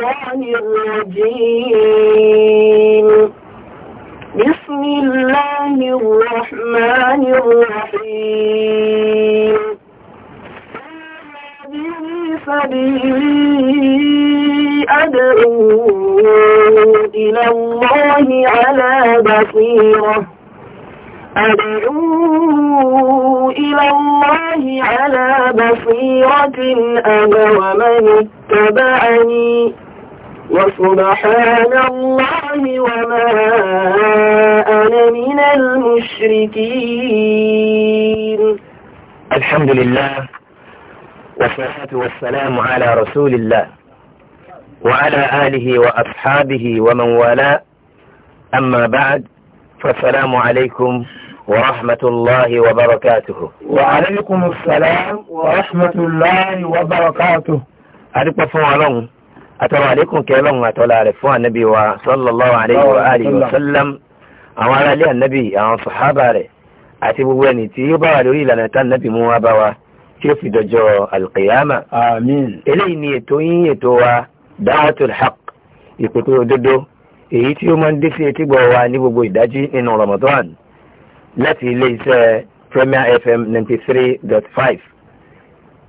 الشيطان الرجيم بسم الله الرحمن الرحيم هذه سبيلي أدعو إلى الله على بصيرة أدعو إلى الله على بصيرة أنا ومن اتبعني وسبحان الله وما أنا من المشركين الحمد لله والصلاة والسلام على رسول الله وعلى آله وأصحابه ومن والاه أما بعد فالسلام عليكم ورحمة الله وبركاته وعليكم السلام ورحمة الله وبركاته أرقى فوالون àtàwọn àlékún kẹlọ́n àtọ́lá rẹ̀ fún ànábì wa sallallahu alayhi wa alihi wa sallam àwọn aráalé ànábì àwọn sàhábà rẹ̀ àti gbogbo ẹni tí ó bá wà lórí ìlànà tá ànábì mú wá bá wa tí ó fi dọjọ́ alqiyama. àmín. eléyìí ni ètò yín ètò wa da'watul haqq ìpèpè òdodo èyí tí ó máa ń dé sí etí gbọ́ wa ní gbogbo ìdájí nínú Ramadan láti ilé iṣẹ́ Premier FM ninety three dot five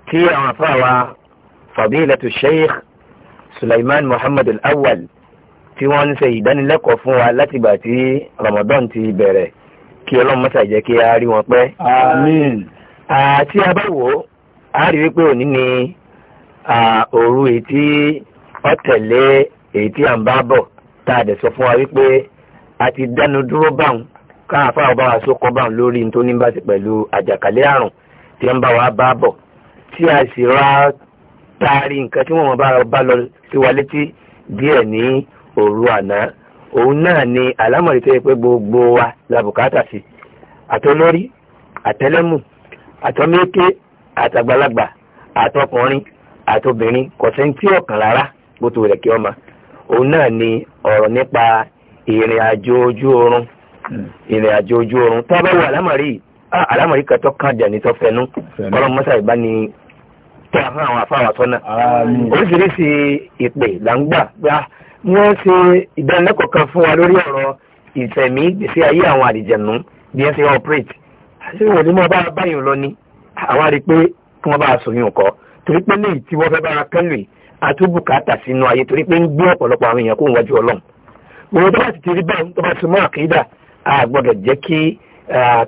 tí àwọn afáwa fadilatu sheikh Sulaiman Muhammad Al-Awwal tí wọ́n ń ṣe ìdánilẹ́kọ̀ọ́ fún wa látìgbà tí Ramadan ti bẹ̀rẹ̀ kí Ọlọ́run mọ́sà jẹ́ kí a rí wọn pẹ́. Àmín. àti abáwo a rí wípé òní ni òru èyí tí ó tẹ̀lé èyí tí à ń bá bọ̀ tá a dẹ̀ sọ fún wa wípé a ti dánu dúró báwọn káàfà ọba wa báwọn lórí nítorí bá ti pẹ̀lú àrùn tí ó bá wa bá bọ̀ tí a sì ra taari nǹkan tí wọ́n mọ̀ bá lọ sí wa létí díẹ̀ ní òru àná òun náà ni àlámọ̀rí tó yẹ pé gbogbo wa la bùkátà sí àtọlórí àtẹlẹ́mù àtọmẹ́kẹ́ àtàgbàlagbà àtọkùnrin àtobìnrin kọ̀sẹ́ tí ọ̀kan rárá bó ti rẹ̀ kí ọmọ òun náà ni ọ̀rọ̀ nípa ìrìn àjò ojú oorun hmm. ìrìn àjò ojú oorun tó bá wọ àlámọ̀rí ah, àlámọ̀rí kan tó kàn dẹ̀ ní tó fẹnu ìbá ni tẹ́ àwọn àwọn afáwà sọ́nà oríṣiríṣi ìpè là ń gbà gbá wọ́n ṣe ìdánilẹ́kọ̀ọ́ kan fún wa lórí ọ̀rọ̀ ìtẹ̀mí gbèsè ayé àwọn àdìjẹ̀nú bí wọ́n ṣe operate àṣírí wọ́n ní wọ́n bá báyìí lọ ní àwọn àrí pé kí wọ́n bá a sòyún ọkọ̀ torí pé lẹ́yìn tí wọ́n fẹ́ bára kẹ́lù àtúbùkátà sínú ayé torí pé ń gbé ọ̀pọ̀lọpọ̀ àwọn èèyàn kó ń wájú ọlọ́run gbogbo tó bá ti ti rí báyìí tó bá ti mọ́ àkídà a gbọ́dọ̀ jẹ́ kí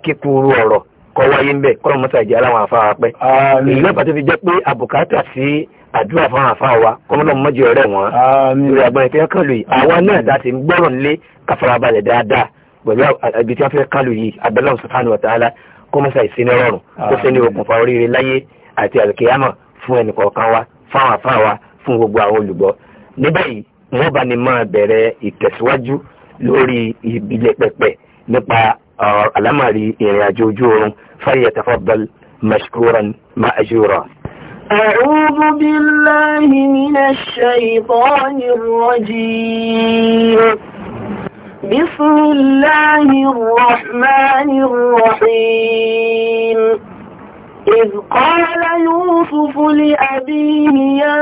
kíkúrú ọ̀rọ̀ kọ́ wáyé ń bẹ̀ kọ́lọ́ mọ́tà ìjà aláwọn àfa wa pẹ́. èyí náà pàtó fi jẹ́ pé àbùkátà sí àdúrà fún àfa wa kọ́mọ́lọ́ mọ́jọ rẹ̀ wọ́n. lórí agbọ́n ìfẹ́ kan lòyìn àwa náà láti ń gbọ́rọ̀ nílé káfarabalẹ̀ dáadáa pẹ̀lú ibi tí wọ́n fẹ́ kan lòyìn abẹ́lẹ́ subhanahu wa ta'ala kọ́mọ́sà ìsinirọ̀rùn tó sẹ́ni okùnfà oríire láyé àti àlùkìyàmọ̀ fún ẹnìkọ̀ọ̀kan wa fáwọn àfa wa fún gbogbo àwọn olùgbọ́ nípa al'amari ìrìnàjò ojú oorun falyatafaddal mashkuran ma'ajura. أعوذ بالله من الشيطان الرجيم بسم الله الرحمن الرحيم إذ قال يوسف لأبيه يا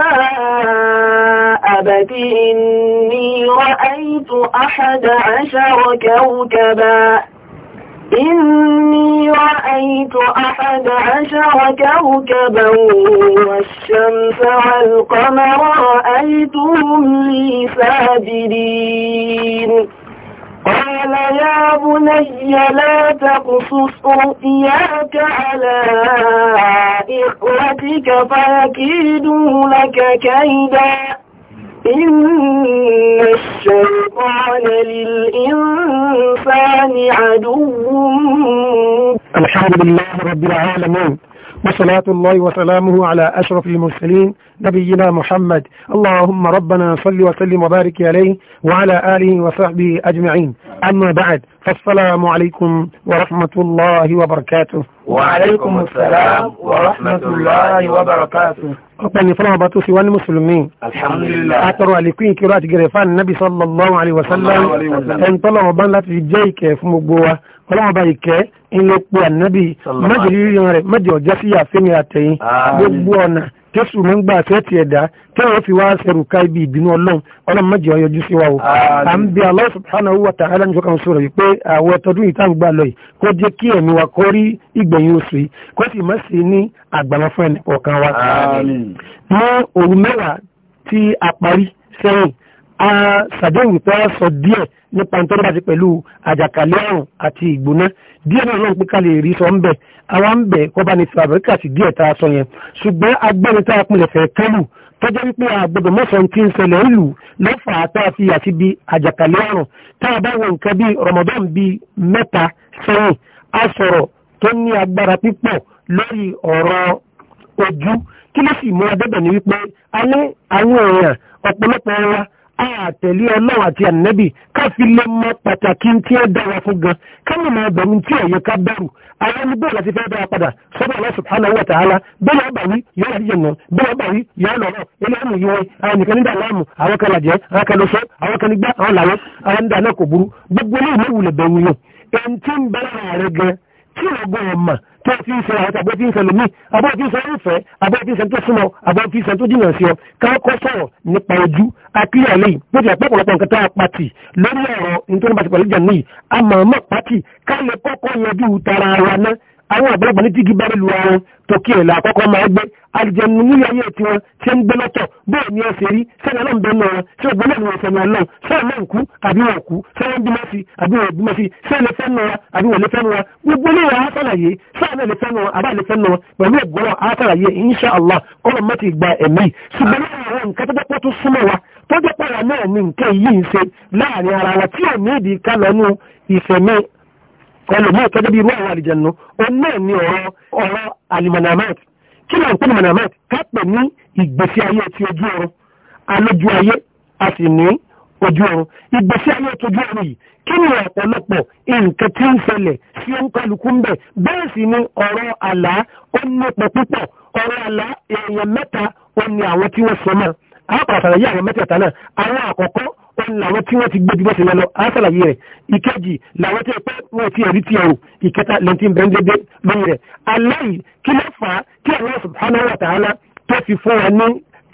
أبت إني رأيت أحد عشر كوكباً إني رأيت أحد عشر كوكبا والشمس والقمر رأيتهم لي ساجدين قال يا بني لا تقصص رؤياك على إخوتك فيكيدوا لك كيدا إن الشيطان للإنسان عدو الحمد لله رب العالمين وصلاة الله وسلامه على أشرف المرسلين نبينا محمد اللهم ربنا صل وسلم وبارك عليه وعلى آله وصحبه أجمعين أما بعد فالسلام عليكم ورحمة الله وبركاته وعليكم السلام ورحمة الله وبركاته ọ̀pẹ́ ni fọ́nà ọba tó fi wá ní mùsùlùmí àtọrọ àlékún ìkírò àti gẹ̀rẹ̀ fáàni nábi sallallahu alaihi wasallam ẹni tọ́lọ̀ ọba láti jẹ́ ìkẹ́ fún gbogbo wa ọlọ́ọ̀ba ìkẹ́ ìlọ́pọ̀ ànábì májèlú rẹ̀ májèlú ọjọ́ sí àfihàn àtẹ̀yìn gbogbo ọ̀nà tẹ́sù mọ́ ń gbà àtẹ́tì ẹ̀dá tẹ́wọ́ fi wá sẹ́rù ká ibi ìbínú ọlọ́run ọlọ́run má jẹ́ ó sí wa o à ń bí Allah subhanahu wa ta'ala ní ìjọkan sọ̀rọ̀ wípé àwọn ẹ̀tọ́dún yìí táwọn gbà lọ yìí kó jẹ́ kí ẹ̀mí wa kó rí ìgbẹ̀yìn oṣù yìí kó sì má sí ní àgbàmọ́ fún ẹnì wa. mọ́ òru mẹ́wàá tí a parí sẹ́yìn sàdéhùn pé wọ́n sọ díẹ̀ nípa ní tọ́lọ́bà ti pẹ̀lú àjàkálẹ̀ àrùn àti ìgbóná díẹ̀ náà lọ́n pé ká lè rí sọ ń bẹ̀ àwọn ń bẹ̀ kọ́ bá ní fàbríkà sí díẹ̀ tá a sọ yẹn ṣùgbọ́n agbẹ́ni tá a pinlẹ̀ fẹ́ kẹ́lù tọ́jọ́ wípé àgbẹ̀bẹ̀ mọ́sàn ti ń ṣẹlẹ̀ ìlú lọ́fà tá a fi àti bí àjàkálẹ̀ àrùn tá a bá wọ nǹkan bí Ramadan bí mẹ́ta sẹ́yìn a sọ̀rọ̀ tó ní agbára pípọ̀ lórí ọ̀rọ̀ ojú kí ló sì mú adébẹ̀ ní wípé alẹ́ àwọn èèyàn ọ̀pọ̀lọpọ̀ wa àtẹ̀lé ọlọ́run àti ànábì ká fi lè mọ pàtàkì tí ó dára fún gan ká lè mọ ọbẹ̀rún tí ẹ̀yẹ ká bẹ̀rù àwọn ẹni bẹ́ẹ̀ láti fẹ́ dára padà sọ́dọ̀ Allah subhanahu wa ta'ala bẹ́ẹ̀ ọba wí yóò láti jẹ̀nà bẹ́ẹ̀ ọba wí yóò lọ́rọ̀ ilé àmì yìí wọn àwọn nìkan nígbà láàmù àwọn kan làjẹ́ àwọn kan lọ́sọ́ àwọn kan nígbà àwọn làwọn àwọn nígbà náà kò burú gbogbo ilé ìlú wulẹ̀ bẹ̀rù yẹn ẹni tí ń bẹ̀rẹ̀ rẹ̀ gan tí ọgbọ́n ọmọ tó ti ń sọ àwọn àbọ̀ tí ń sọ lómi àbọ̀ tí ń sọ ìfẹ́ àbọ̀ tí ń sọ tó súnmọ́ àbọ̀ tí ń sọ tó jìnà sí ọ káàkọ́ sọ̀rọ̀ nípa ojú akílẹ̀ lẹ́yìn bó ti àpẹ́ ọ̀pọ̀lọpọ̀ nǹkan tó a pàtì lórí ọ̀rọ̀ nítorí bàtì pẹ̀lú ìjà níyì àmọ́ ọmọ pàtì ká lè kọ́kọ́ yanjú tara wa náà àwọn àgbàlagbà ní tígi bá lu ara tòkí ẹ̀là àkọ́kọ́ máa gbé alìjẹnu nílé ayé tí wọn ti ń gbé lọ́tọ̀ bóyá ní ẹsẹ̀ rí sẹ́ni ọlọ́run bẹ́ẹ̀ náà ṣé ògbó náà ni wọ́n sẹ́ni ọlọ́run sẹ́ni ọlọ́run kú àbí wọn kú sẹ́ni ń bímọ sí àbí wọn bímọ sí sẹ́ni lè fẹ́nu wa àbí wọn lè fẹ́nu wa gbogbo ní wàá sàlàyé sẹ́ni lè fẹ́nu wa àbá lè fẹ́nu wa pẹ̀lú ògbọ́n ẹlòmíì tọ́jú bí irú àwọn àlìjẹnu òun náà ni ọ̀rọ̀ ọ̀rọ̀ alimanamat kí ló ń pè ní manamat ká pè ní ìgbésí ayé ti ojú ọrùn alójú ayé a sì ní ojú ọrùn ìgbésí ayé ti ojú ọrùn yìí kí ni ọ̀pọ̀lọpọ̀ nǹkan tí ń ṣẹlẹ̀ sí òǹkàlùkù ń bẹ̀ bẹ́ẹ̀ sì ni ọ̀rọ̀ àlá ó nípa púpọ̀ ọ̀rọ̀ àlá èèyàn mẹ́ta ó ní àwọn tí wọ́n sọ náà àwọn àwọn mẹ́tẹ̀ẹ̀ta náà àwọn àkọ́kọ́ làwọn tí wọ́n ti gbé jùlọ sílẹ̀ lọ àṣàlàyé rẹ̀ ìkejì làwọn tí ẹ̀pẹ́ wọn ti ẹ̀rí ti ẹ̀rù ìkẹta lẹ́ntì bẹ́ńdẹ́dẹ́ lórí rẹ̀ aláì kí ló fà á kí Allah subhanahu wa ta'ala tó fi fún wa ní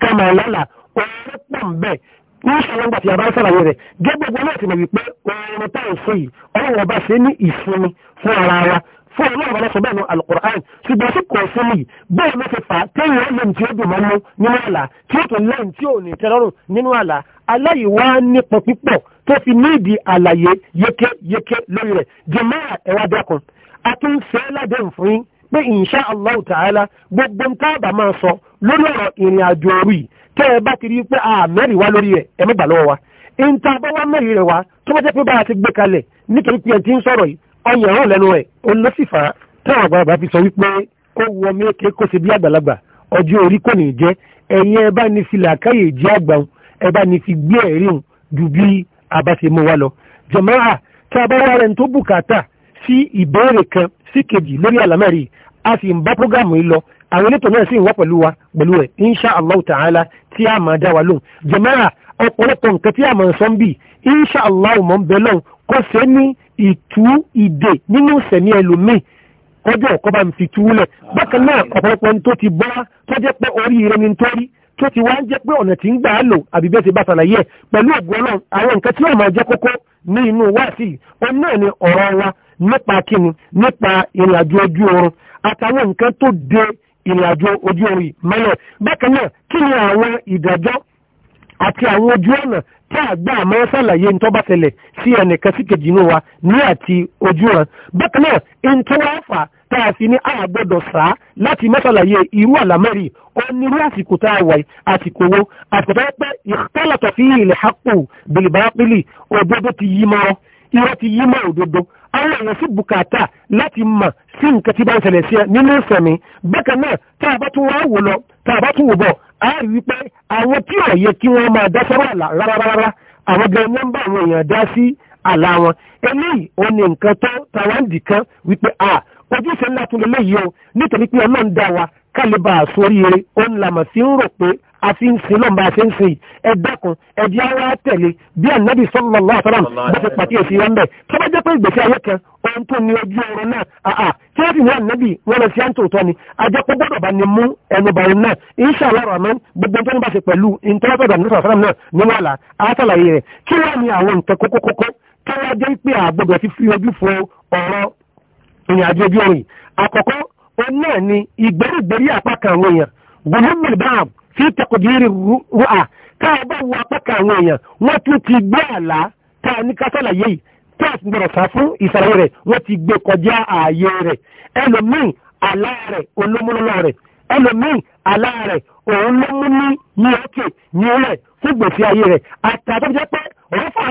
kàmàlálà ọ̀rọ̀ pọ̀ ń bẹ̀ ní ìṣàlọ́gbà tí a bá ń sàlàyé rẹ̀ náà ti mọ̀ wípé ọ̀rọ̀ táwọn fún yìí ọ̀rọ̀ fún ọlọ́run bá lọ́sọ̀ bẹ́ẹ̀ nu alukur'an ṣùgbọ́n tí kò fún mi bẹ́ẹ̀ ló ti fà téèyàn ó lẹ́yìn tí ó dùn mọ́ mú nínú àlá tí ó tún lẹ́yìn tí ò ní tẹ́lọ́rùn nínú àlá aláìwá nípọn pípọ̀ tó fi níìdí àlàyé yékéyéké lórí rẹ̀ jẹ́mọ́ ẹ̀wá dẹ́kun a tún fẹ́ ládẹ́hùn fún yín pé insha allah ta'ala gbogbo ń tábà máa sọ lórí ọ̀rọ̀ ìrìn àjò orí tẹ́ ẹ bá ti pé àmẹ́rìí wá lórí rẹ̀ ẹ̀mẹ́gbà lọ́wọ́ wa ìntàbọ̀wá mẹ́rin rẹ̀ wá tó bá jẹ́ pé bá a ti gbé kalẹ̀ nítorí pé ẹ̀ ti ń sọ̀rọ̀ yìí ọyàn hàn lẹ́nu rẹ̀ olóṣìfà táwọn àgbàlagbà fi sọ wípé kó wọ méèké kó ṣe bí àgbàlagbà ọjọ́ orí kò ní jẹ́ ẹ̀yin ẹ bá ní fi làákàyè jẹ́ àgbà òun ẹ bá ní fi gbé ẹ̀rí òun ju bí a bá ṣe mú wa lọ. jọ̀mọ́ra tá a bá wá rẹ̀ ń tó bùkátà sí ìbéèrè kan sí kejì lórí àlámẹ́rì a sì ń bá prógámù yìí lọ àwọn elétò náà sì ń wá pẹ̀lú wa pẹ̀lú ẹ̀ insha allah ta'ala tí a máa dá wa lóhùn jọ̀mọ́ra ọ̀pọ̀lọpọ̀ nǹkan tí a máa sọ ń bì insha allah mọ̀ ń bẹ lọ́hùn kó ṣe ìtú ìdè nínú ìsẹ̀mí ẹlòmíì kọjọ́ ọ̀kọ́ bá ń fi túlẹ̀ ah. bákan náà ọ̀pọ̀lọpọ̀ ní tó ti bọ́ tó jẹ́ pé orí rẹ̀ ni tó rí tó ti wá ń jẹ́ pé ọ̀nà tí ń gbà á lò àbí bẹ́ẹ̀ ti bá ṣàlàyé pẹ̀lú ògùn ọlọ́run àwọn nǹkan tí wọ́n máa jẹ́ kókó ní inú wáàsí òun náà ni ọ̀rọ̀ wa nípa kíni nípa ìrìnàjò ojú oorun àtàwọn nǹkan tó de ìrìnàjò ojú oorun yìí mọ́lẹ̀ bákan náà kí ni àwọn ìdájọ́ àti àwọn ojú ọ̀nà tí àgbà àmọ́ sàlàyé ń tọ́ba tẹ̀lẹ̀ sí ẹnìkan sí kejì inú wa ní àti ojú ọ̀nà bákan náà ń tó wá fà tá a fi ní àgbọ̀dọ̀ sá láti mọ́sàlàyé irú àlámẹ́rì onírú àsìkò tá a wà àsìkò wo àsìkò tó pẹ́ ìtàlàtọ̀ fi ilẹ̀ hapò bìlìbàápìlì òdodo ti yí mọ́ irọ́ ti yí mọ́ òdodo àwọn èèyàn sì bùkátà láti mọ̀ sí nǹkan tí bá ń ṣẹlẹ̀ sí ẹ nínú ìsẹ̀mí bákan náà tá a bá tún wá wò lọ tá a bá tún wò bọ̀ a rí wípé àwọn tí ò yẹ kí wọ́n máa dá sọ́rọ̀ àlà rárá àwọn gan ni wọ́n bá àwọn èèyàn dá sí àlà wọn eléyìí ó ní nǹkan tó tàwáǹdì kan wípé a ojúṣe ńlá tún lè léyìí o nítorí pé ọlọ́run dá wa kálíbà àsoríire ó ń làmọ̀ sí ń rò pé a fi ń sin lọ́nba ṣe ń sin ẹ dákun ẹ ara tẹ̀lé bí ànábì sallallahu alaihi wasallam bó ṣe pàkíyèsí wọn bẹ́ẹ̀ pé ìgbésí ayé kan ohun tó ní ojú ọrọ̀ náà àà tí wọ́n sì ní ànábì wọ́n lọ sí àǹtò tọ́ ni ajẹ́pọ̀ gbọ́dọ̀ bá ní mú ẹnu bàrù náà inshallah àmọ́ gbogbo tó ń bá ṣe pẹ̀lú ìtọ́lọ́tọ̀dọ̀ nípa fúnra náà nínú àlà àtàlàyé rẹ̀ kí wọ́n ní àwọn nǹkan kókó kókó kí wọ́n jẹ́ pé àgbọ̀dọ̀ ti fi ojú fo ọ̀rọ̀ ìrìnàjò ojú orin àkọ́kọ́ òun ni ìgbẹ́rùgbẹ́rí àpá kan àwọn èèyàn gbọ́dọ̀ báàm fi tẹkọ̀dìrì rúà káà bá wo apá kan àwọn èèyàn wọ́n ní kásálàyé tẹ́ẹ̀sì gbọ́dọ̀ sá fún ìsàlàyé rẹ̀ wọ́n ti gbé kọjá ààyè rẹ̀ ẹlòmíì àlá rẹ̀ olómúlọ́lọ́ rẹ̀ ẹlòmíì àlá rẹ̀ òun ló mú ní ní òkè ní ilẹ̀ fún gbèsè ayé rẹ̀ àtàtọ́ jẹ́ pé òun fà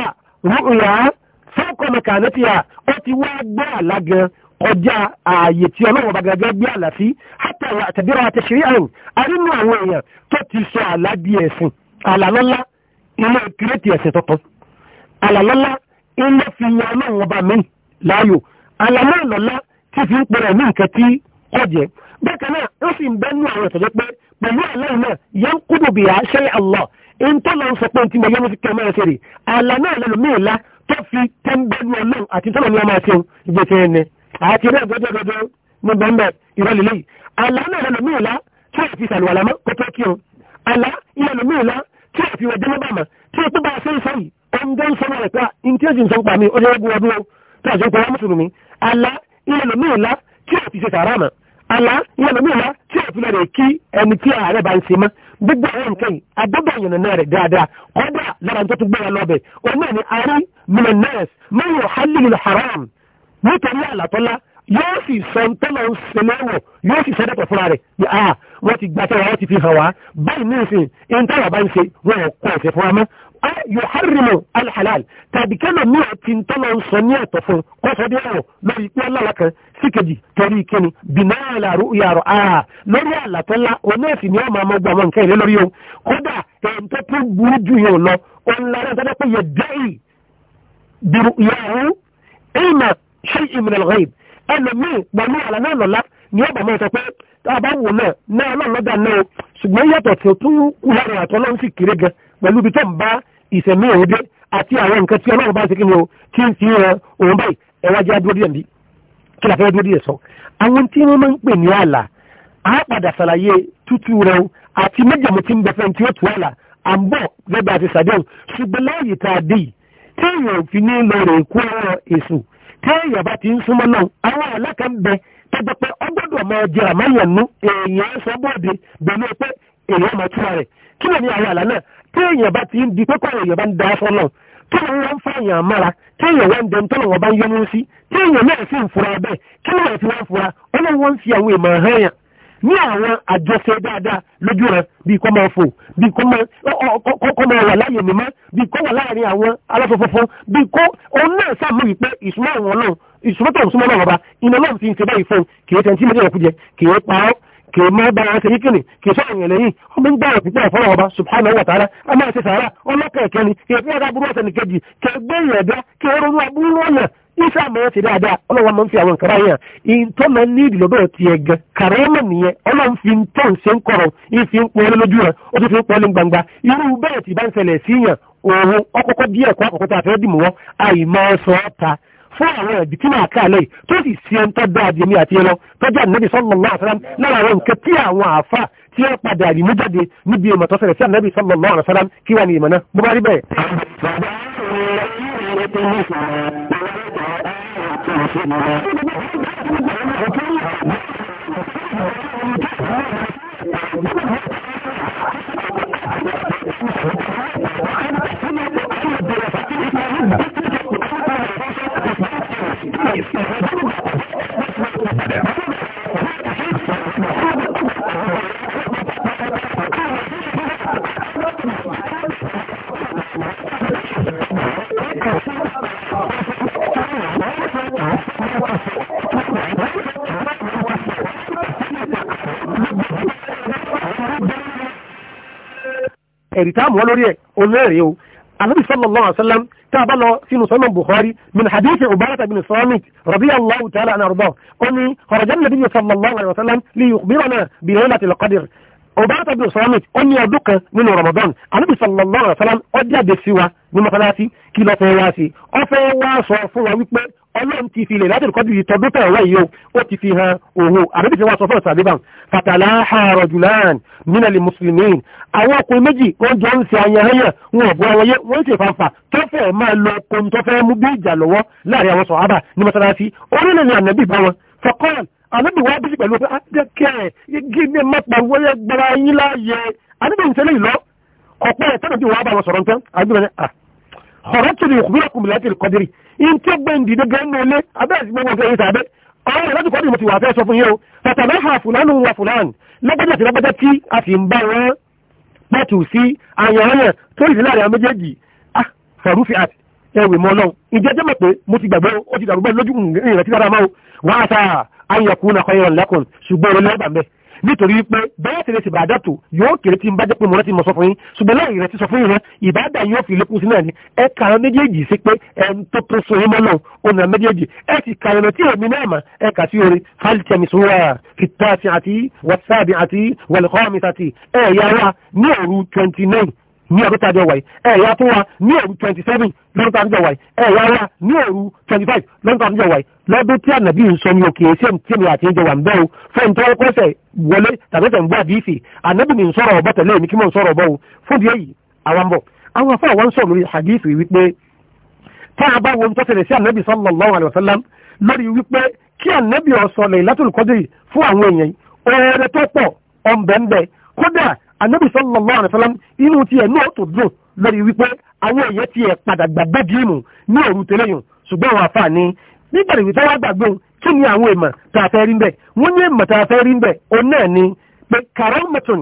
rúkúyà fẹ́ẹ̀kọ́ mẹ́ka àlẹ́tì à ó ti wá gbọ́ àlá gan kọjá ààyè tí ọlọ́wọ́ bá gẹ́gẹ́ gbé àlá sí àtàwọn àtẹ̀bíra àtẹ̀ṣeré àrùn arínú àwọn èèyàn tó ti sọ àlá di ẹ̀sìn àlá lọ́lá ilé kírètì ẹ̀sìn tuntun àlá lọ́lá ilé fi yan ọlọ́run ọba mi láàyò àlàmọ́ ìlọ́lá tí fi ń pẹ̀rẹ̀ ní nǹkan tí ọ̀jẹ̀ bákan náà ó sì ń bẹ́nu àwọn ìtọ́jọ́ pé pẹ̀lú àlọ́run náà yẹn ń kúrò bìyà ṣe àlọ́ in tó lọ sọ pé tí mo yẹ́ mo fi kẹ́mọ́ ẹsẹ̀ rè àlàmọ́ ìlọ́lọ́ mi ìlá tó fi tẹ́ńbẹ́nu ọlọ́run àti tọ́lọ́ ni a máa ṣeun ìgbésẹ̀ ẹni àti ilé ìgbẹ́jọ́gbẹ́jọ́ ní bẹ́ẹ̀ ìrọ̀lẹ́ lẹ́yìn àlàmọ́ ìlọ́lọ́ mi ìlá tí ó fi sàlùwàlámọ́ kó tó kí o àlá ìlọ́lọ́ mi ìlá tí ó fi wọ́n dẹ́mọ́bàmọ́ tí ó a ṣe ń wọ́n ń sọ wọn ẹ̀ka ìntẹ́sì ń sọ pa mi ọjọ́ ogun ọdún tó àṣẹ ìpàdé mùsùlùmí alá ilẹ̀ lómi ìlà tí ò fi ṣe sàárà mọ́ alá ilẹ̀ lómi ìlà tí ò fi lọ rẹ̀ kí ẹni tí ààrẹ bá ń ṣe mọ́ gbogbo àwọn nǹkan yìí agbọ́dọ̀ ìyànnà náà rẹ̀ dáadáa kọ́dà lára tó tún gbéra lọ́bẹ̀ òun náà ni arí milanese mẹ́rin haram nítorí àlàtọ́lá yóò sì sọ tọ́lọ̀ ń ṣe lẹ́wọ̀ yóò sì sẹ́dẹ̀pọ̀ fúnra rẹ̀ ní àà wọ́n ti gbàtẹ́wà wọ́n ti fi hàn wá báyìí ní ìsìn ìntàwà bá ń ṣe wọ́n yòhárìmọ̀ alhalal tàbí kẹ́lò ní ọ̀tí tọ́lọ ń sọ ní ẹ̀tọ́ fún kọ́sọ́dé ọ̀rọ̀ lórí ipé alára kan sí kejì torí kíni bìnáà làrú yàrá àà lórí àlàtọ́ ńlá onẹ́ẹ̀sì ni ọmọ ọmọ gbàmọ́ nǹkan ìlé lórí ohun kódà ẹ̀yìn tó tún burú jù yóò lọ òun lára ń sọ́dọ́ pé yẹ dẹ́yì bìrù yàrá ìmọ̀ ṣé ìmìnà lọ́yìn ẹlòmíì pẹ̀lú pẹ̀lú ibi tó ń bá ìsẹ̀mí òun dé àti àwọn nǹkan tí ọlọ́run bá ń ṣe kí ni o tí ń fi hàn òun báyìí ẹwà jẹ́ adúró díẹ̀ kí la fẹ́ dúró díẹ̀ sọ. àwọn tí wọ́n máa ń pè ní àlà á padà ṣàlàyé tútù rẹ̀ àti méjèmú tí ń bẹ fẹ́ni tí ó tù àlà à ń àti sàdéhùn ṣùgbọ́n láàyè tá a dé yìí téèyàn fi ní lọ rè kú ọ̀rọ̀ èṣù téèyàn bá ti ń súnmọ́ náà àwọn àlàkà ń bẹ tọ́jọ́ pé ọ gbọ́dọ̀ máa jẹ àmáyànú èèyàn sọ bóde bẹ̀rẹ̀ pé èèyàn máa túra rẹ̀ kí lè ní àwọn àlà náà tí èèyàn bá ti ń di pé kọ́ọ̀rọ̀ èèyàn bá ń da aṣọ náà tí òun wọ́n ń fa èèyàn mára tí èèyàn wọ́n ń dẹnu tọ́lọ̀ wọn bá ń yọnu sí tí èèyàn náà sì ń fura bẹ́ẹ̀ kí wọ́n ti wọ́n fura ọlọ́run wọ́n ń fi àwọn èèmọ̀ hàn yàn ní àwọn àjọṣe dáadáa lójú rẹ bíi kọ́ máa fò bíi kọ́ máa wà láyè mímọ́ bíi kọ́ wà láàrin àwọn aláfọfọfọ bíi kọ́ òun náà sàmú wípé ìsúná àwọn náà ìsúná tó ń súnmọ́ náà wọ́n bá náà ti ń ṣe báyìí fún un kì í ṣe ẹni tí mo jẹ́ ìyàkújẹ kì í pa ọ́ kì í máa bára ṣe yíkìnì kì í sọ ìyẹn lẹ́yìn ọmọ ń gbára pípẹ́ fọ́nà ọba subhanahu wa ta'ala a máa ṣe sàárà ọlọ́kẹ̀ẹ̀kẹ́ ni kì í fún ọ̀dà burú ọ̀sẹ̀ nìkejì kì í gbé ìrẹ̀dá kì í ronú aburú lọ́nà isa mọ̀ ti dáadáa ọlọ́wọ́ máa ń fi àwọn nǹkan báyà ìtọ́ máa ń ní ìdìlọ́dọ̀ ti ẹ̀ gan kàrẹ́mà nìyẹn ọlọ́run fi ń tọ́ ṣe ń kọ̀rọ̀ ìfi ń pọ́n lójú rẹ̀ ó tún fi ń pọ́n ní gbangba irú bẹ́ẹ̀ tí bá ń ṣẹlẹ̀ síyàn òun ọkọ̀kọ̀ díẹ̀ kọ́ àkọ́kọ́ tá a fẹ́ dì mọ́ àìmọ́ sọ ọ́ ta fún àwọn ẹ̀dì tí máa káàlẹ̀ tó sì sí ẹn tó dáa di èmi àti ẹlọ tó jẹ́ ànábì sallallahu alaihi wasallam lára àwọn nǹkan tí àwọn àáfà tí wọ́n padà rí níbi ìmọ̀ tó sí ànábì sallallahu alaihi kí wà ní ìmọ̀ náà bó bẹ́ẹ̀. Thank you. ẹ̀rí tá a mọ̀ lórí ẹ̀ olóòrè o anabi sallallahu alaihi wasallam tá a bá lọ sínú sọ́nà bukhari min hadithi ubarata bin samit radiyallahu ta'ala an arda ó ní kharajan nabi sallallahu alaihi wasallam li yukhbirana bi laylatil qadr ubarata bin samit ó ní ọdún kan nínú ramadan anabi sallallahu alaihi wasallam ó jáde ọlọ́run ti fi ilẹ̀ láti ìkọ́jú yìí tọdún tẹ̀ ọ̀rọ̀ yìí ó ti fi hàn òhun àbẹ́bí fi wá sọ fún ọ̀sán àbíbàn fàtàlá àárọ̀ jùlán nínà lè mùsùlùmí àwọn ọkùnrin méjì wọ́n jọ ń ṣe ayẹyẹ wọn ọ̀bọ̀ wọn yé wọ́n ṣe fanfa tó fẹ́ máa lọ kóhun tó fẹ́ mú bí ìjà lọ́wọ́ láàrin àwọn sọ̀hábà ní mọ́sálásí orílẹ̀ ni ànábì ọ̀rọ̀ tó lè kúrò kùmù láti lè kọ́dírì in tí ó gbé ìdílé gẹ́gẹ́ ilé abẹ́ àti gbogbo ọ̀gẹ́ ìsàbẹ́ àwọn láti kọ́dírì mo ti wà fẹ́ sọ fún yẹn o tàtàbí ha fúlánù wa fúlánù lọ́gbẹ́jà àti lọ́gbẹ́jà tí a fi ń bá wọn pẹ̀tù sí àyànyàn tó ìdí láàrin àwọn méjèèjì ah, fọ̀rúfì àti ẹwì mọ́ náà ìjẹ́ jẹ́ mọ̀ pé mo ti gbàgbọ́ nítorí pé bẹ́ẹ̀ tẹ̀lé ti bàdà tó yóò kéré tí n bá jẹ́ pé mo rántí mo sọ fún yín ṣùgbọ́n láì rántí sọ fún yín rẹ ìbádà yóò fi lékún sí náà ni ẹ kà á méjèèjì sí pé ẹ ń tó tó so yín mọ́ náà ó nà méjèèjì ẹ ti kà ẹ̀rọ tí èmi náà mà ẹ kà sí orin falitẹ́mi sùúrà fìtàsí àti wàtsáàbì àti wẹ̀lẹ̀kọ́mìtàtì ẹ̀ yára ní òru twenty nine ní ọdún tàjọ wáyé ẹ̀yà tó wá ní òru 27 lọ́dún tàjọ wáyé ẹ̀yà wá ní òru five lọ́dún tàjọ wáyé lọ́dún tí ànàbí ń sọ ní òkè ẹ̀ṣẹ́ tí mi àti ìjọba ń bẹ́ o fún tó kọ́sẹ̀ wọlé tàbí tẹ̀ ń bọ́ àdìsí ànàbí mi ń sọ̀rọ̀ tẹ̀lé mi kí mò ń sọ̀rọ̀ o fún di èyí àwọn ń bọ̀ àwọn afọ àwọn sọ̀rọ̀ lórí àdìsí wípé tá a bá wọn tó ṣẹlẹ̀ sí ànàbí sallallahu alaihi wasallam lórí wípé kí ànàbí ọ̀sọ̀ lè látòlùkọ́dé fún àwọn èèyàn oore tó pọ̀ ọ̀nbẹ̀ńbẹ̀ kódà anabi sallallahu alaihi wasallam inú tiẹ̀ náà tó dùn lórí wípé àwọn èèyàn tiẹ̀ padà dìímù ní òru tẹ́lẹ̀yìn ṣùgbọ́n àwọn àfààní gbàgbé kí ni àwọn èèmọ̀ tá a fẹ́ rí bẹ́ẹ̀ wọ́n ní èèmọ̀ tá a fẹ́ rí bẹ́ẹ̀ o náà ni pé karamatun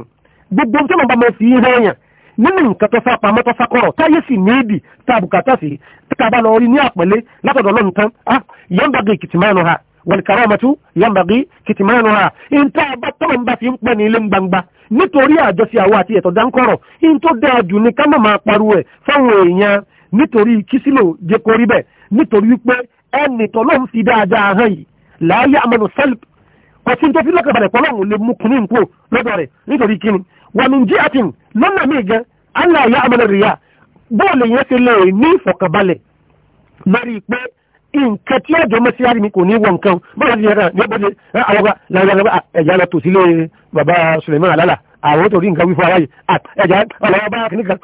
gbogbo tó máa bá máa fi hẹ́ yàn nínú nǹkan tó táyé sì tá a bùkátà sí tá a bá lọ rí ní àpẹ̀lé látọ̀dọ̀ tán ah, ha والكرامة ينبغي كتمانها انت بطمن بس يمكن يلم بانبا nítorí àjọsí àwọn àti ẹ̀tọ̀ dáńkọ̀rọ̀ in tó dáa jù ní ká máa parú ẹ̀ fáwọn èèyàn nítorí kísílò jẹ́ kó rí bẹ̀ nítorí wípé ẹnì tọ́lọ́ ń fi dáadáa hàn yìí láàyè àmọ́nù sẹ́lp kọ̀sí tó fi lọ́kàbalẹ̀ pọ́lọ́hùn lè mú kùnú nǹkó lọ́dọ̀ rẹ̀ nítorí kíni wà ní jí àtìm lọ́nà mí gan aláàyè àmọ́nù rìyà bọ́ọ̀lù yẹn ti lè ní ìfọ̀kàbalẹ̀ lórí pé nǹkan tí àjọ mẹ́síárì mi kò ní wọ nǹkan bọ́ọ̀lù ti yẹra ní ọgbọ́dé àwọn làwọn ẹ̀yà lọ tò sílé bàbá Suleiman alala àwọn tó rí nǹkan wí fún aráyè ẹ̀já ọ̀làwọ̀ bá kìíní kan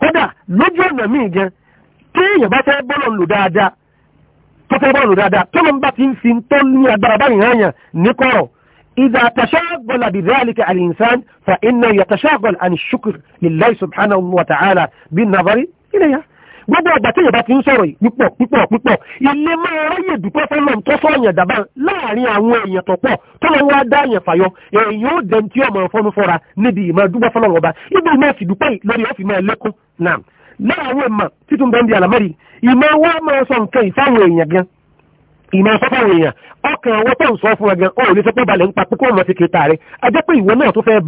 kódà lójú ọ̀nà míì gan tí èèyàn bá fẹ́ bọ́ọ̀lù lò dáadáa tó fẹ́ bọ́ọ̀lù dáadáa tó ló ń bá ti ń fi tó ní agbára báyìí hàn yàn ní kọ̀rọ̀ إذا تشاغل بذلك الإنسان فإنه يتشاغل عن الشكر لله سبحانه وتعالى بالنظر إليها gbogbo ọgbà tí yorùbá ti ń sọ̀rọ̀ púpọ̀ púpọ̀ pípọ̀ ilé máa ráyè dúpẹ́ fọlọ́n tó sọ̀yàn dàbà láàrin àwọn èèyàn tó pọ̀ tó lọ wá dá èèyàn fàyọ èèyàn ó dẹni tí ọmọ fọnú fọ́ra níbi ìmọ̀ dúpẹ́ fọlọ́n ọba ibi ìmọ̀ sì dúpẹ́ lórí ọ̀fìn máa náà láàrin ìmọ̀ títún bẹ́ẹ̀ àlámẹ́rì ìmọ̀ wa máa sọ nǹkan ìfáwọn èèyàn gan ìmọ̀ sọ́fọ́ èèyàn ọkàn àwọn tó ń sọ fún ẹgbẹ́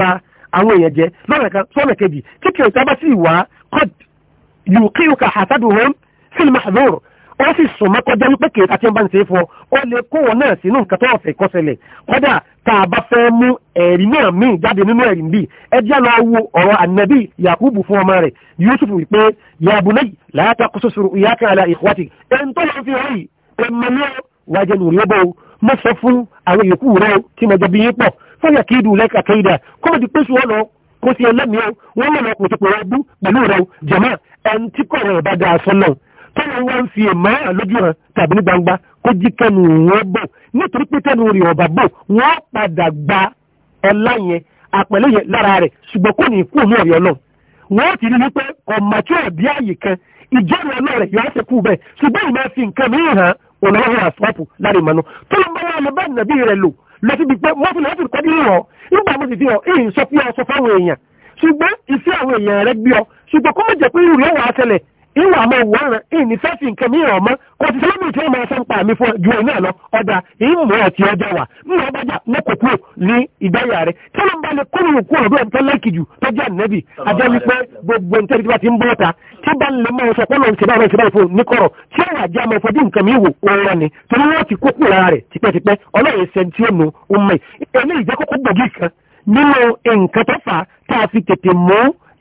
ba àwọn èèyàn jẹ lọ́nà kan a yùkíyùkà hasaduhum fil mahzur ó sì sùn mọ́kọ́jẹ́ wípé kìí ta tí ń bá ń ṣe fọ́ ó lè kó wọn náà sínú nǹkan tó ọ̀fẹ́ kọsẹ̀lẹ̀ kọ́dà tá a bá fẹ́ mú ẹ̀rí náà míì jáde nínú ẹ̀rí bíi ẹ jẹ́ lọ wo ọ̀rọ̀ ànábì yakubu fún ọmọ rẹ̀ yusuf wípé yabulẹ̀ láyàtà kóso sùrù ìyáka àlà ìkwàtì ẹn tó lọ fi rí ẹmọ wájẹ nù lọ́bọ̀ o kó sí ẹlẹ́mìí o wọ́n lè lọ pòtòpò bú pẹ̀lú rẹ o jẹ̀mọ́ ẹni tí kò rẹ̀ bá dáa sọ́nà tọ́lá wá fi èèmọ́ àlójú tàbí ní gbangba kó jí kẹnu wọn bò nítorí pé kẹnu rẹ̀ ọ̀bà bò wọ́n padà gba ọlá yẹn yẹn lára ṣùgbọ́n kò ní kú òmù ọ̀yọ́ náà ti rí wípé kan fi nǹkan mìíràn òun lọ́wọ́ lárí tó ń lọ síbi pé mọ́tò náà ti kọ́dí rọ̀ nígbà mo sì fi hàn èyí sọ fún ọ sọ fáwọn èèyàn ṣùgbọ́n ìfẹ́ àwọn èèyàn rẹ bí ọ ṣùgbọ́n kó má jẹ́ pé irú rẹ̀ wà á ṣẹlẹ̀ ìwà àmọ́ ìwà rẹ̀ èyí ní fẹ́ẹ̀sì nǹkan mi ràn mọ́ kò sì sọ́mọ́ ìṣe máa sọ pa mi fún ju ẹ̀ náà lọ ọ̀dà èyí mú ọtí ọjà wà mú ọbàjà ní kò kúrò ní ìgbáyà rẹ̀ tí wọ́n bá lè kó tí bá lè máa sọ pọ́nà ti báwọn ìṣẹ́bá ìfún ní kọ̀rọ̀ tí ó wà jẹ́ àmọ́ ìfọ́jú nǹkan mi wò òun ni torí wọ́n ti kókó lára rẹ̀ tipẹ́tipẹ́ ọlọ́run ṣe tí ó nu ọmọ ẹni ìjẹ́ kókó gbòógì kan nínú nǹkan tó fà tá a fi tètè mú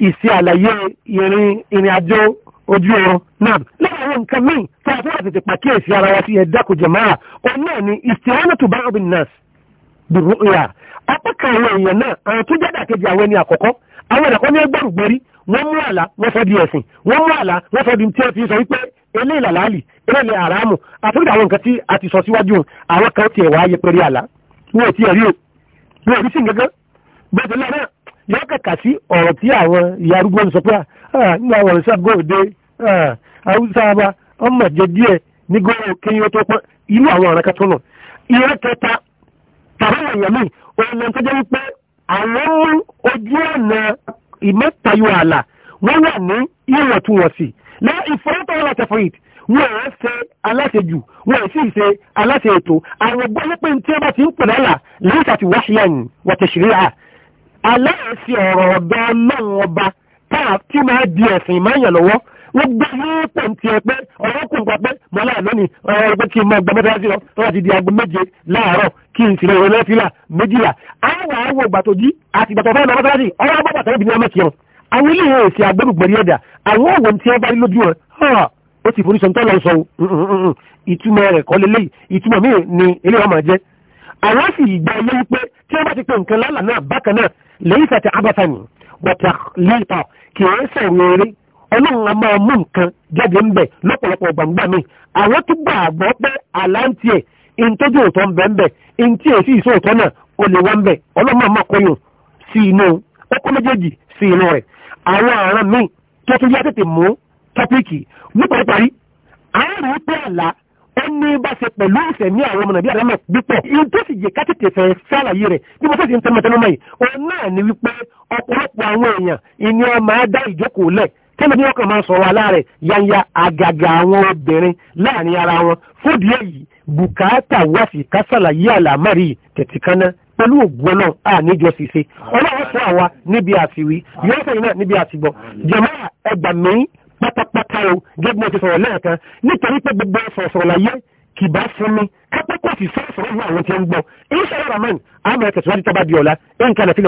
ìṣe àlàyé ìrìn àjò ojú ọrọ̀ náà láàárín nǹkan míì tá a fẹ́ tètè pàkíyèsí ara wa sí ẹ̀dá kò jẹ̀máà ni ìṣèwọ́n tó bá ọ̀bìn náà dùrú ìyá apá kan àwọn èèyàn náà àwọn tó jáde àkejì àwọn ẹni àkọ́kọ́ àwọn ẹ̀dàkọ́ ní ẹgbẹ́rùgbẹ́rí wọ́n mú àlá wọ́n sọ di ẹ̀sìn wọ́n mú àlá wọ́n sọ di tí wọ́n fi sọ wípé ilé ìlàlálì ilé ilẹ̀ àràmù àtúndà àwọn nǹkan tí a ti sọ síwájú àwọn kan tiẹ̀ wá yẹ pẹ̀lú àlá wọn ò tiẹ̀ rí o wọn rí sí nǹkan bẹ́ẹ̀ náà yọ kàkà sí ọ̀rọ̀ tí àwọn ìyá arúgbó ń sọ pé nígbà wọn ò sábà haúsá wa ọmọ jẹ díẹ̀ ní gómìnà kéyìn tó pọn irú àwọn ọ̀rọ̀ kan tó nà ìrẹ́ kẹta tàbí àwọn èèyàn míì òun ni wọ́n tọ́jú wípé ìmọ̀tayọ àlà wọ́n wà ní ìwọ̀ntúnwọ̀nsì lẹ́ ìfọ́nàtọ̀ wọn láti fọ́yìd wọn ẹ̀ ṣe aláṣejù wọn ẹ̀ sì ṣe aláṣe ètò àwọn gbọ́dọ̀ pé tí wọ́n bá ti ń pè lálà lẹ́yìn àti wáṣíyàn wọ̀tẹ̀ṣìríà aláṣẹ ọ̀rọ̀ ọ̀dọ́ ọlọ́run ọba táà tí máa di ẹ̀sìn ìmáyàn lọ́wọ́ wọ́n gbé ní pẹ̀ntì ẹ pé ọ̀rọ̀ kùn pàpẹ́ mọ́lá lónìí ọ̀rọ̀ ẹgbẹ́ kí n máa gbọ́ mẹ́ta sí lọ tó wà ti di aago méje láàárọ̀ kí n tìlẹ̀ ìrọ̀lẹ́ fila méjìlá àwọn àwọn ògbà tó jí àti ìgbà tó fẹ́ lọ mọ́sálásí ọ̀rọ̀ àbọ̀bà tẹ́lẹ̀ ìbílẹ̀ mẹ́kì wọn àwọn ilé ìwé èsì agbẹ́rùgbẹ̀rí ẹ̀dà àwọn òwòm tí wọ́n bá rí lójú wọn ó sì forí sọ̀tọ́ sọ ìtumọ̀ rẹ̀ kọ́ lélẹ́yìí ìtumọ̀ míì ni ilé ọmọ jẹ́ àwọn sì gba ilé wípé tí wọ́n bá ti pè nǹkan lálà náà bákan náà lẹ́yìn sàti abata ni bọ̀tà lẹ́ta kì í sẹ̀rìn eré ọlọ́run a máa mú nǹkan jáde ntí èsì ìsòótọ́ náà ó lè wá ń bẹ̀ ọlọ́mọ àmọ́kọyọ̀ sí inú ọkọ méjèèjì sí inú rẹ̀ àwọn àrùn míì tó tún yá tètè mú tọ́píìkì nípa parí àárín pé àlá ó ní bá ṣe pẹ̀lú ìfẹ̀mí àwọn ọmọ nàbí àdámọ̀ púpọ̀ ìyẹn tó sì yẹ ká tètè fẹ́ sàlàyé rẹ̀ bí mo fẹ́ẹ́ ti ń tẹ́mọ̀tẹ́mọ̀ yìí òun náà ni wípé ọ̀pọ̀lọpọ̀ àwọn èèyàn ìní ọmọ á dá ìjókòó lẹ̀ kíni bí wọ́n kàn máa sọ̀rọ̀ aláàrẹ̀ yanya àgàgà àwọn obìnrin láàrin ara wọn fúdi èyí bùkátà wá sí kásàlàyé àlàmárì tẹ̀tìkáná pẹ̀lú ògùn náà àníjọ ṣiṣẹ́ ọlọ́run fún àwa níbi àtiwí yóò sẹ́yìn náà níbi àtìgbọ́ jẹ̀mọ́ ẹgbà mi pátápátá o gẹ́gẹ́ bí mo ti sọ̀rọ̀ lẹ́ẹ̀kan nítorí pé gbogbo sọ̀rọ̀sọ̀rọ̀ láyé kì bá fún mi sì sọ̀rọ̀ fún àwọn tí ń gbọ́ inṣàlá ramán àmọ̀ ẹ̀kẹ́sìwájú tábàdì ọ̀la ẹ̀ǹkan àti